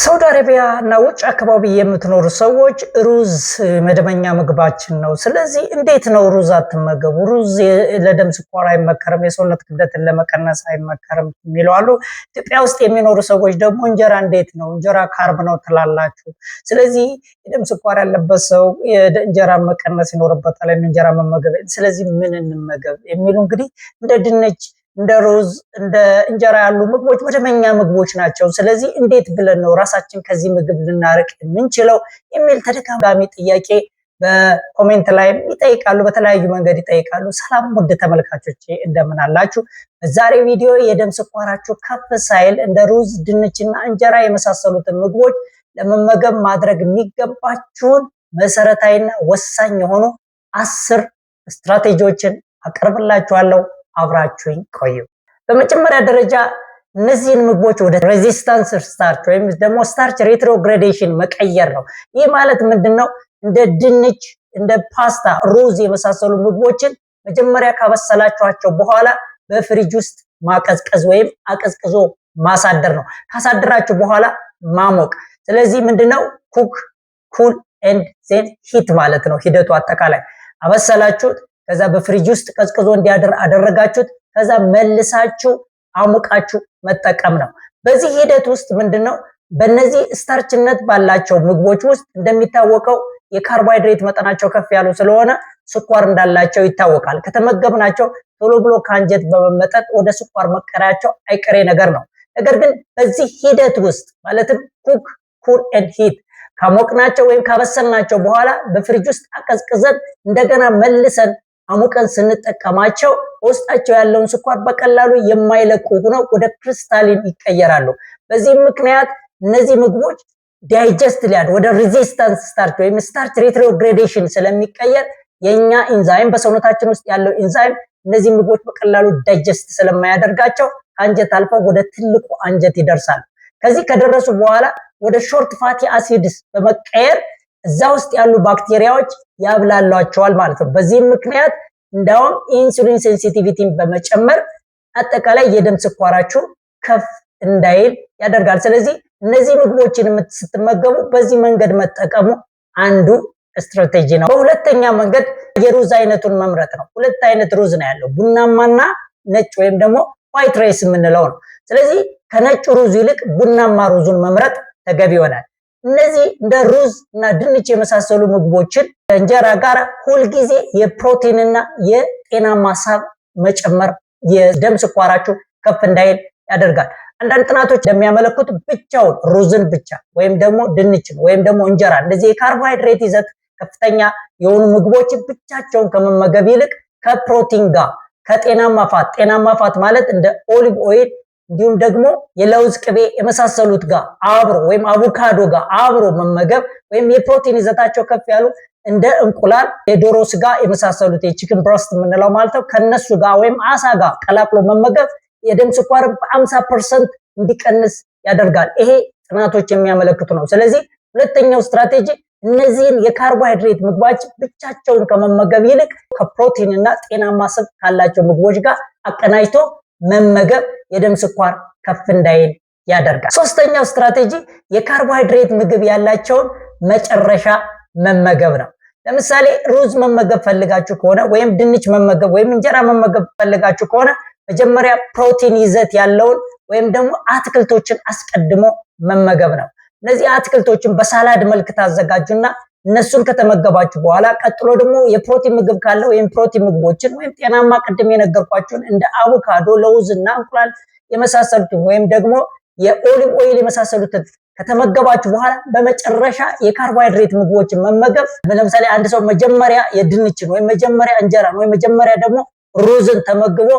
ሳውዲ አረቢያ እና ውጭ አካባቢ የምትኖሩ ሰዎች ሩዝ መደበኛ ምግባችን ነው። ስለዚህ እንዴት ነው ሩዝ አትመገቡ? ሩዝ ለደም ስኳር አይመከርም፣ የሰውነት ክብደትን ለመቀነስ አይመከርም የሚለው አሉ። ኢትዮጵያ ውስጥ የሚኖሩ ሰዎች ደግሞ እንጀራ እንዴት ነው እንጀራ ካርብ ነው ትላላችሁ። ስለዚህ የደም ስኳር ያለበት ሰው እንጀራ መቀነስ ይኖርበታል፣ እንጀራ መመገብ። ስለዚህ ምን እንመገብ የሚሉ እንግዲህ እንደ ድንች እንደ ሩዝ እንደ እንጀራ ያሉ ምግቦች መደበኛ ምግቦች ናቸው። ስለዚህ እንዴት ብለን ነው ራሳችን ከዚህ ምግብ ልናርቅ የምንችለው የሚል ተደጋጋሚ ጥያቄ በኮሜንት ላይም ይጠይቃሉ፣ በተለያዩ መንገድ ይጠይቃሉ። ሰላም ውድ ተመልካቾቼ እንደምን አላችሁ? በዛሬ ቪዲዮ የደም ስኳራችሁ ከፍ ሳይል እንደ ሩዝ፣ ድንችና እንጀራ የመሳሰሉትን ምግቦች ለመመገብ ማድረግ የሚገባችሁን መሰረታዊና ወሳኝ የሆኑ አስር ስትራቴጂዎችን አቀርብላችኋለሁ። አብራችሁኝ ቆዩ። በመጀመሪያ ደረጃ እነዚህን ምግቦች ወደ ሬዚስታንስ ስታርች ወይም ደግሞ ስታርች ሬትሮግሬዴሽን መቀየር ነው። ይህ ማለት ምንድን ነው? እንደ ድንች፣ እንደ ፓስታ፣ ሩዝ የመሳሰሉ ምግቦችን መጀመሪያ ካበሰላችኋቸው በኋላ በፍሪጅ ውስጥ ማቀዝቀዝ ወይም አቀዝቅዞ ማሳደር ነው። ካሳደራችሁ በኋላ ማሞቅ። ስለዚህ ምንድነው ኩክ ኩል ኤንድ ዜን ሂት ማለት ነው። ሂደቱ አጠቃላይ አበሰላችሁት፣ ከዛ በፍሪጅ ውስጥ ቀዝቅዞ እንዲያደር አደረጋችሁት። ከዛ መልሳችሁ አሙቃችሁ መጠቀም ነው። በዚህ ሂደት ውስጥ ምንድነው በእነዚህ ስታርችነት ባላቸው ምግቦች ውስጥ እንደሚታወቀው የካርቦሃይድሬት መጠናቸው ከፍ ያሉ ስለሆነ ስኳር እንዳላቸው ይታወቃል። ከተመገብናቸው ቶሎ ብሎ ከአንጀት በመመጠጥ ወደ ስኳር መቀሪያቸው አይቀሬ ነገር ነው። ነገር ግን በዚህ ሂደት ውስጥ ማለትም ኩክ ኩል ኤንድ ሂት ካሞቅናቸው ወይም ካበሰልናቸው በኋላ በፍሪጅ ውስጥ አቀዝቅዘን እንደገና መልሰን አሙቀን ስንጠቀማቸው ውስጣቸው ያለውን ስኳር በቀላሉ የማይለቁ ሆነው ወደ ክሪስታሊን ይቀየራሉ። በዚህም ምክንያት እነዚህ ምግቦች ዳይጀስት ሊያድ ወደ ሬዚስታንስ ስታርች ወይም ስታርች ሬትሮግሬዴሽን ስለሚቀየር የኛ ኢንዛይም በሰውነታችን ውስጥ ያለው ኢንዛይም እነዚህ ምግቦች በቀላሉ ዳይጀስት ስለማያደርጋቸው አንጀት አልፈው ወደ ትልቁ አንጀት ይደርሳል። ከዚህ ከደረሱ በኋላ ወደ ሾርት ፋቲ አሲድስ በመቀየር እዛ ውስጥ ያሉ ባክቴሪያዎች ያብላሏቸዋል ማለት ነው። በዚህም ምክንያት እንዳውም ኢንሱሊን ሴንሲቲቪቲን በመጨመር አጠቃላይ የደም ስኳራችሁ ከፍ እንዳይል ያደርጋል። ስለዚህ እነዚህ ምግቦችን ስትመገቡ በዚህ መንገድ መጠቀሙ አንዱ ስትራቴጂ ነው። በሁለተኛ መንገድ የሩዝ አይነቱን መምረጥ ነው። ሁለት አይነት ሩዝ ነው ያለው፣ ቡናማና ነጭ ወይም ደግሞ ዋይት ራይስ የምንለው ነው። ስለዚህ ከነጭ ሩዝ ይልቅ ቡናማ ሩዙን መምረጥ ተገቢ ይሆናል። እነዚህ እንደ ሩዝ እና ድንች የመሳሰሉ ምግቦችን ከእንጀራ ጋር ሁልጊዜ የፕሮቲንና የጤናማ ሳብ መጨመር የደም ስኳራችሁ ከፍ እንዳይል ያደርጋል። አንዳንድ ጥናቶች እንደሚያመለክቱት ብቻውን ሩዝን ብቻ ወይም ደግሞ ድንችን ወይም ደግሞ እንጀራ እንደዚህ የካርቦሃይድሬት ይዘት ከፍተኛ የሆኑ ምግቦችን ብቻቸውን ከመመገብ ይልቅ ከፕሮቲን ጋር ከጤናማ ፋት ጤናማ ፋት ማለት እንደ ኦሊቭ ኦይል እንዲሁም ደግሞ የለውዝ ቅቤ የመሳሰሉት ጋር አብሮ ወይም አቮካዶ ጋር አብሮ መመገብ ወይም የፕሮቲን ይዘታቸው ከፍ ያሉ እንደ እንቁላል፣ የዶሮ ስጋ የመሳሰሉት የቺክን ብረስት የምንለው ማለት ነው ከነሱ ጋር ወይም አሳ ጋር ቀላቅሎ መመገብ የደም ስኳርን በአምሳ ፐርሰንት እንዲቀንስ ያደርጋል። ይሄ ጥናቶች የሚያመለክቱ ነው። ስለዚህ ሁለተኛው ስትራቴጂ እነዚህን የካርቦሃይድሬት ምግቦች ብቻቸውን ከመመገብ ይልቅ ከፕሮቲን እና ጤናማ ስብ ካላቸው ምግቦች ጋር አቀናጅቶ መመገብ የደም ስኳር ከፍ እንዳይል ያደርጋል። ሶስተኛው ስትራቴጂ የካርቦሃይድሬት ምግብ ያላቸውን መጨረሻ መመገብ ነው። ለምሳሌ ሩዝ መመገብ ፈልጋችሁ ከሆነ ወይም ድንች መመገብ ወይም እንጀራ መመገብ ፈልጋችሁ ከሆነ መጀመሪያ ፕሮቲን ይዘት ያለውን ወይም ደግሞ አትክልቶችን አስቀድሞ መመገብ ነው። እነዚህ አትክልቶችን በሳላድ መልክ ታዘጋጁና እነሱን ከተመገባችሁ በኋላ ቀጥሎ ደግሞ የፕሮቲን ምግብ ካለ ወይም ፕሮቲን ምግቦችን ወይም ጤናማ ቅድም የነገርኳችሁን እንደ አቮካዶ፣ ለውዝ እና እንቁላል የመሳሰሉትን ወይም ደግሞ የኦሊቭ ኦይል የመሳሰሉትን ከተመገባችሁ በኋላ በመጨረሻ የካርቦሃይድሬት ምግቦችን መመገብ። ለምሳሌ አንድ ሰው መጀመሪያ የድንችን ወይም መጀመሪያ እንጀራን ወይም መጀመሪያ ደግሞ ሩዝን ተመግቦ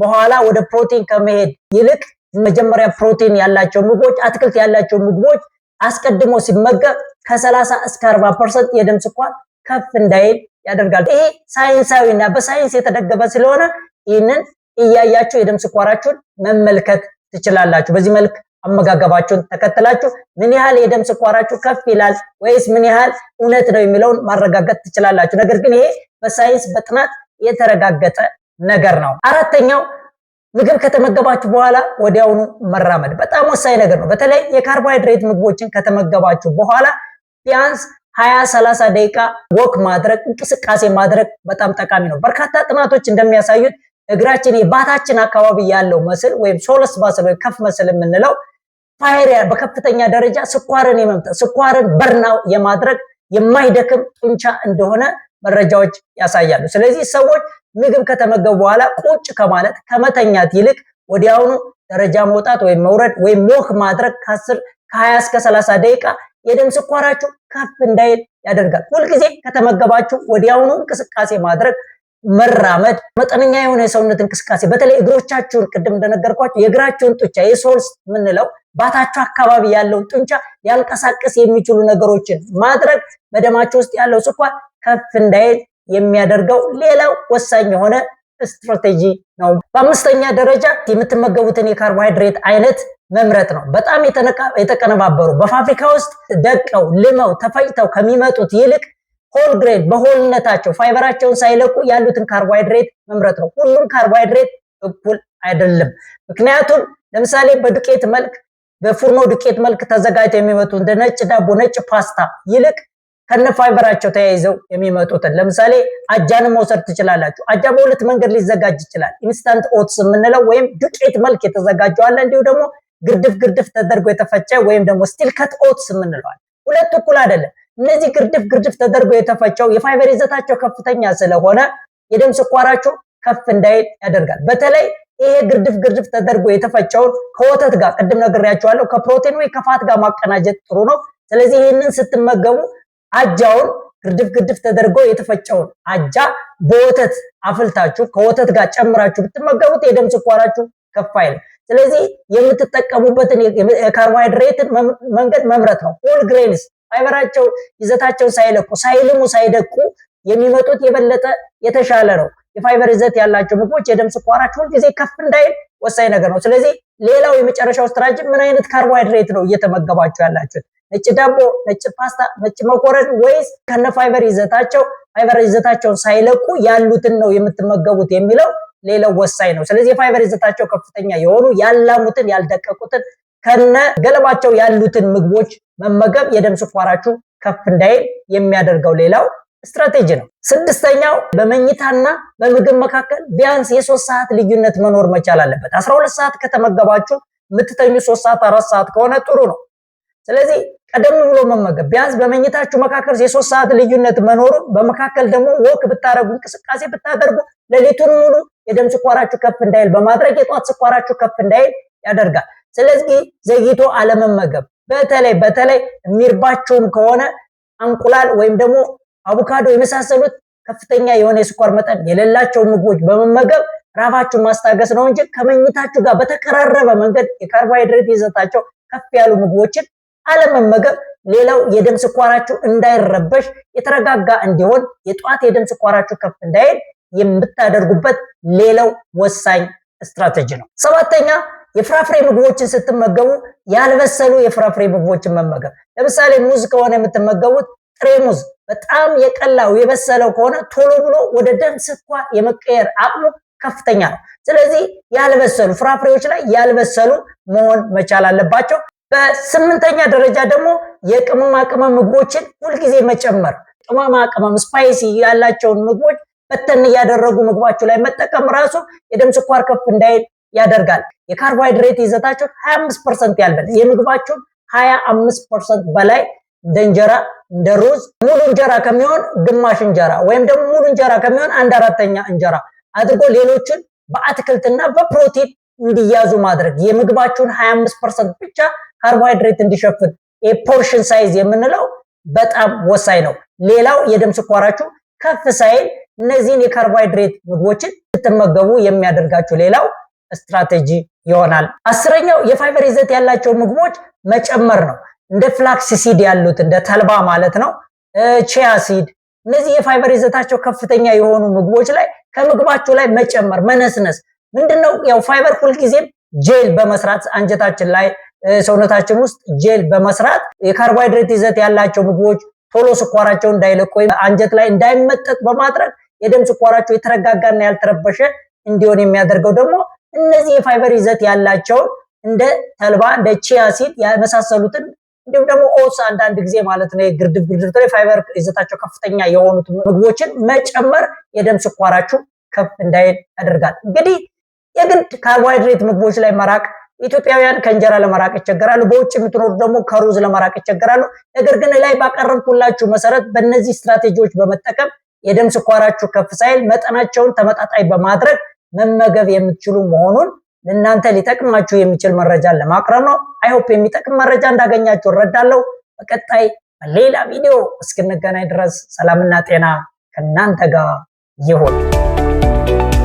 በኋላ ወደ ፕሮቲን ከመሄድ ይልቅ መጀመሪያ ፕሮቲን ያላቸው ምግቦች፣ አትክልት ያላቸው ምግቦች አስቀድሞ ሲመገብ ከ30 እስከ 40% የደም ስኳር ከፍ እንዳይል ያደርጋል። ይሄ ሳይንሳዊ እና በሳይንስ የተደገፈ ስለሆነ ይህንን እያያችሁ የደም ስኳራችሁን መመልከት ትችላላችሁ። በዚህ መልክ አመጋገባችሁን ተከትላችሁ ምን ያህል የደም ስኳራችሁ ከፍ ይላል ወይስ ምን ያህል እውነት ነው የሚለውን ማረጋገጥ ትችላላችሁ። ነገር ግን ይሄ በሳይንስ በጥናት የተረጋገጠ ነገር ነው። አራተኛው ምግብ ከተመገባችሁ በኋላ ወዲያውኑ መራመድ በጣም ወሳኝ ነገር ነው። በተለይ የካርቦሃይድሬት ምግቦችን ከተመገባችሁ በኋላ ቢያንስ ሀያ ሰላሳ ደቂቃ ወክ ማድረግ እንቅስቃሴ ማድረግ በጣም ጠቃሚ ነው። በርካታ ጥናቶች እንደሚያሳዩት እግራችን የባታችን አካባቢ ያለው መስል ወይም ሶለስ ባስል ወይም ከፍ መስል የምንለው ፋይሪያ በከፍተኛ ደረጃ ስኳርን የመምጠት ስኳርን በርናው የማድረግ የማይደክም ጡንቻ እንደሆነ መረጃዎች ያሳያሉ። ስለዚህ ሰዎች ምግብ ከተመገቡ በኋላ ቁጭ ከማለት ከመተኛት ይልቅ ወዲያውኑ ደረጃ መውጣት ወይም መውረድ ወይም ሞክ ማድረግ ከ10 ከ20 እስከ 30 ደቂቃ የደም ስኳራችሁ ከፍ እንዳይል ያደርጋል። ሁልጊዜ ከተመገባችሁ ወዲያውኑ እንቅስቃሴ ማድረግ መራመድ፣ መጠነኛ የሆነ የሰውነት እንቅስቃሴ በተለይ እግሮቻችሁን ቅድም እንደነገርኳችሁ የእግራችሁን ጡንቻ የሶልስ የምንለው ባታችሁ አካባቢ ያለውን ጡንቻ ሊያንቀሳቀስ የሚችሉ ነገሮችን ማድረግ በደማችሁ ውስጥ ያለው ስኳር ከፍ እንዳይል የሚያደርገው ሌላው ወሳኝ የሆነ ስትራቴጂ ነው። በአምስተኛ ደረጃ የምትመገቡትን የካርቦሃይድሬት አይነት መምረጥ ነው። በጣም የተቀነባበሩ በፋብሪካ ውስጥ ደቀው ልመው ተፈጭተው ከሚመጡት ይልቅ ሆል በሆልነታቸው ፋይበራቸውን ሳይለቁ ያሉትን ካርቦሃይድሬት መምረጥ ነው። ሁሉም ካርቦሃይድሬት እኩል አይደለም። ምክንያቱም ለምሳሌ በዱቄት መልክ በፉርኖ ዱቄት መልክ ተዘጋጅተው የሚመጡ እንደ ነጭ ዳቦ፣ ነጭ ፓስታ ይልቅ ከነ ፋይበራቸው ተያይዘው የሚመጡትን ለምሳሌ አጃን መውሰድ ትችላላችሁ። አጃ በሁለት መንገድ ሊዘጋጅ ይችላል። ኢንስታንት ኦትስ የምንለው ወይም ዱቄት መልክ የተዘጋጀ አለ። እንዲሁ ደግሞ ግርድፍ ግርድፍ ተደርጎ የተፈጨ ወይም ደግሞ ስቲል ከት ኦትስ የምንለዋል። ሁለት እኩል አይደለም። እነዚህ ግርድፍ ግርድፍ ተደርጎ የተፈጨው የፋይበር ይዘታቸው ከፍተኛ ስለሆነ የደም ስኳራቸው ከፍ እንዳይል ያደርጋል። በተለይ ይሄ ግርድፍ ግርድፍ ተደርጎ የተፈጨውን ከወተት ጋር ቅድም ነግሬያቸዋለሁ፣ ከፕሮቲን ወይ ከፋት ጋር ማቀናጀት ጥሩ ነው። ስለዚህ ይህንን ስትመገቡ አጃውን ግርድፍ ግርድፍ ተደርጎ የተፈጨውን አጃ በወተት አፍልታችሁ ከወተት ጋር ጨምራችሁ ብትመገቡት የደም ስኳራችሁ ከፍ አይልም። ስለዚህ የምትጠቀሙበትን የካርቦሃይድሬትን መንገድ መምረት ነው። ሆል ግሬንስ ፋይበራቸው ይዘታቸው ሳይለቁ ሳይልሙ ሳይደቁ የሚመጡት የበለጠ የተሻለ ነው። የፋይበር ይዘት ያላቸው ምግቦች የደም ስኳራችሁ ሁልጊዜ ከፍ እንዳይል ወሳኝ ነገር ነው። ስለዚህ ሌላው የመጨረሻው ስትራጅ ምን አይነት ካርቦሃይድሬት ነው እየተመገባችሁ ያላችሁት? ነጭ ዳቦ፣ ነጭ ፓስታ፣ ነጭ መኮረን ወይስ ከነ ፋይበር ይዘታቸው ፋይበር ይዘታቸውን ሳይለቁ ያሉትን ነው የምትመገቡት የሚለው ሌላው ወሳኝ ነው። ስለዚህ የፋይበር ይዘታቸው ከፍተኛ የሆኑ ያላሙትን፣ ያልደቀቁትን ከነ ገለባቸው ያሉትን ምግቦች መመገብ የደም ስኳራችሁ ከፍ እንዳይል የሚያደርገው ሌላው ስትራቴጂ ነው። ስድስተኛው በመኝታና በምግብ መካከል ቢያንስ የሶስት ሰዓት ልዩነት መኖር መቻል አለበት። አስራ ሁለት ሰዓት ከተመገባችሁ የምትተኙ ሶስት ሰዓት አራት ሰዓት ከሆነ ጥሩ ነው። ስለዚህ ቀደም ብሎ መመገብ ቢያንስ በመኝታችሁ መካከል የሶስት ሰዓት ልዩነት መኖሩ በመካከል ደግሞ ወክ ብታደረጉ እንቅስቃሴ ብታደርጉ ሌሊቱን ሙሉ የደም ስኳራችሁ ከፍ እንዳይል በማድረግ የጧት ስኳራችሁ ከፍ እንዳይል ያደርጋል። ስለዚህ ዘግይቶ አለመመገብ በተለይ በተለይ የሚርባቸውም ከሆነ እንቁላል ወይም ደግሞ አቮካዶ የመሳሰሉት ከፍተኛ የሆነ የስኳር መጠን የሌላቸው ምግቦች በመመገብ ራባችሁን ማስታገስ ነው እንጂ ከመኝታችሁ ጋር በተቀራረበ መንገድ የካርቦሃይድሬት ይዘታቸው ከፍ ያሉ ምግቦችን አለመመገብ ሌላው የደም ስኳራችሁ እንዳይረበሽ የተረጋጋ እንዲሆን የጧት የደም ስኳራችሁ ከፍ እንዳይል የምታደርጉበት ሌላው ወሳኝ ስትራቴጂ ነው። ሰባተኛ የፍራፍሬ ምግቦችን ስትመገቡ ያልበሰሉ የፍራፍሬ ምግቦችን መመገብ። ለምሳሌ ሙዝ ከሆነ የምትመገቡት ጥሬ ሙዝ በጣም የቀላው የበሰለው ከሆነ ቶሎ ብሎ ወደ ደም ስኳር የመቀየር አቅሙ ከፍተኛ ነው። ስለዚህ ያልበሰሉ ፍራፍሬዎች ላይ ያልበሰሉ መሆን መቻል አለባቸው። በስምንተኛ ደረጃ ደግሞ የቅመማ ቅመም ምግቦችን ሁልጊዜ መጨመር። ቅመማ ቅመም ስፓይሲ ያላቸውን ምግቦች በተን እያደረጉ ምግባችሁ ላይ መጠቀም ራሱ የደም ስኳር ከፍ እንዳይል ያደርጋል። የካርቦሃይድሬት ይዘታቸው 25 ፐርሰንት ያልበል የምግባችሁን 25 ፐርሰንት በላይ እንደ እንጀራ እንደ ሩዝ ሙሉ እንጀራ ከሚሆን ግማሽ እንጀራ ወይም ደግሞ ሙሉ እንጀራ ከሚሆን አንድ አራተኛ እንጀራ አድርጎ ሌሎችን በአትክልትና በፕሮቲን እንዲያዙ ማድረግ የምግባችሁን 25 ፐርሰንት ብቻ ካርቦሃይድሬት እንዲሸፍን የፖርሽን ሳይዝ የምንለው በጣም ወሳኝ ነው። ሌላው የደም ስኳራችሁ ከፍ ሳይል እነዚህን የካርቦሃይድሬት ምግቦችን ስትመገቡ የሚያደርጋችሁ ሌላው ስትራቴጂ ይሆናል። አስረኛው የፋይበር ይዘት ያላቸው ምግቦች መጨመር ነው። እንደ ፍላክስ ሲድ ያሉት እንደ ተልባ ማለት ነው፣ ቺያ ሲድ፣ እነዚህ የፋይበር ይዘታቸው ከፍተኛ የሆኑ ምግቦች ላይ ከምግባችሁ ላይ መጨመር መነስነስ ምንድነው? ያው ፋይበር ሁልጊዜም ጄል በመስራት አንጀታችን ላይ ሰውነታችን ውስጥ ጄል በመስራት የካርቦሃይድሬት ይዘት ያላቸው ምግቦች ቶሎ ስኳራቸው እንዳይለቅ ወይም አንጀት ላይ እንዳይመጠጥ በማድረግ የደም ስኳራቸው የተረጋጋና ያልተረበሸ እንዲሆን የሚያደርገው ደግሞ እነዚህ የፋይበር ይዘት ያላቸውን እንደ ተልባ እንደ ቺያ ሲድ የመሳሰሉትን እንዲሁም ደግሞ ኦትስ አንዳንድ ጊዜ ማለት ነው ግርድብ ግርድፍ ፋይበር ይዘታቸው ከፍተኛ የሆኑት ምግቦችን መጨመር የደም ስኳራችሁ ከፍ እንዳይል ያደርጋል። እንግዲህ የግድ ካርቦሃይድሬት ምግቦች ላይ መራቅ ኢትዮጵያውያን ከእንጀራ ለመራቅ ይቸገራሉ። በውጭ የምትኖሩ ደግሞ ከሩዝ ለመራቅ ይቸገራሉ። ነገር ግን ላይ ባቀረብኩላችሁ መሰረት በእነዚህ ስትራቴጂዎች በመጠቀም የደም ስኳራችሁ ከፍ ሳይል መጠናቸውን ተመጣጣኝ በማድረግ መመገብ የምትችሉ መሆኑን ለእናንተ ሊጠቅማችሁ የሚችል መረጃን ለማቅረብ ነው። አይሆፕ የሚጠቅም መረጃ እንዳገኛችሁ እረዳለሁ። በቀጣይ በሌላ ቪዲዮ እስክንገናኝ ድረስ ሰላምና ጤና ከእናንተ ጋር ይሁን።